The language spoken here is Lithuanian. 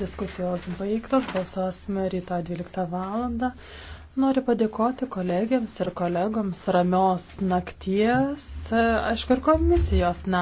Diskusijos baigtas, balsuosime ryto 12 valandą. Noriu padėkoti kolegiams ir kolegoms ramios nakties, aišku, ir komisijos na.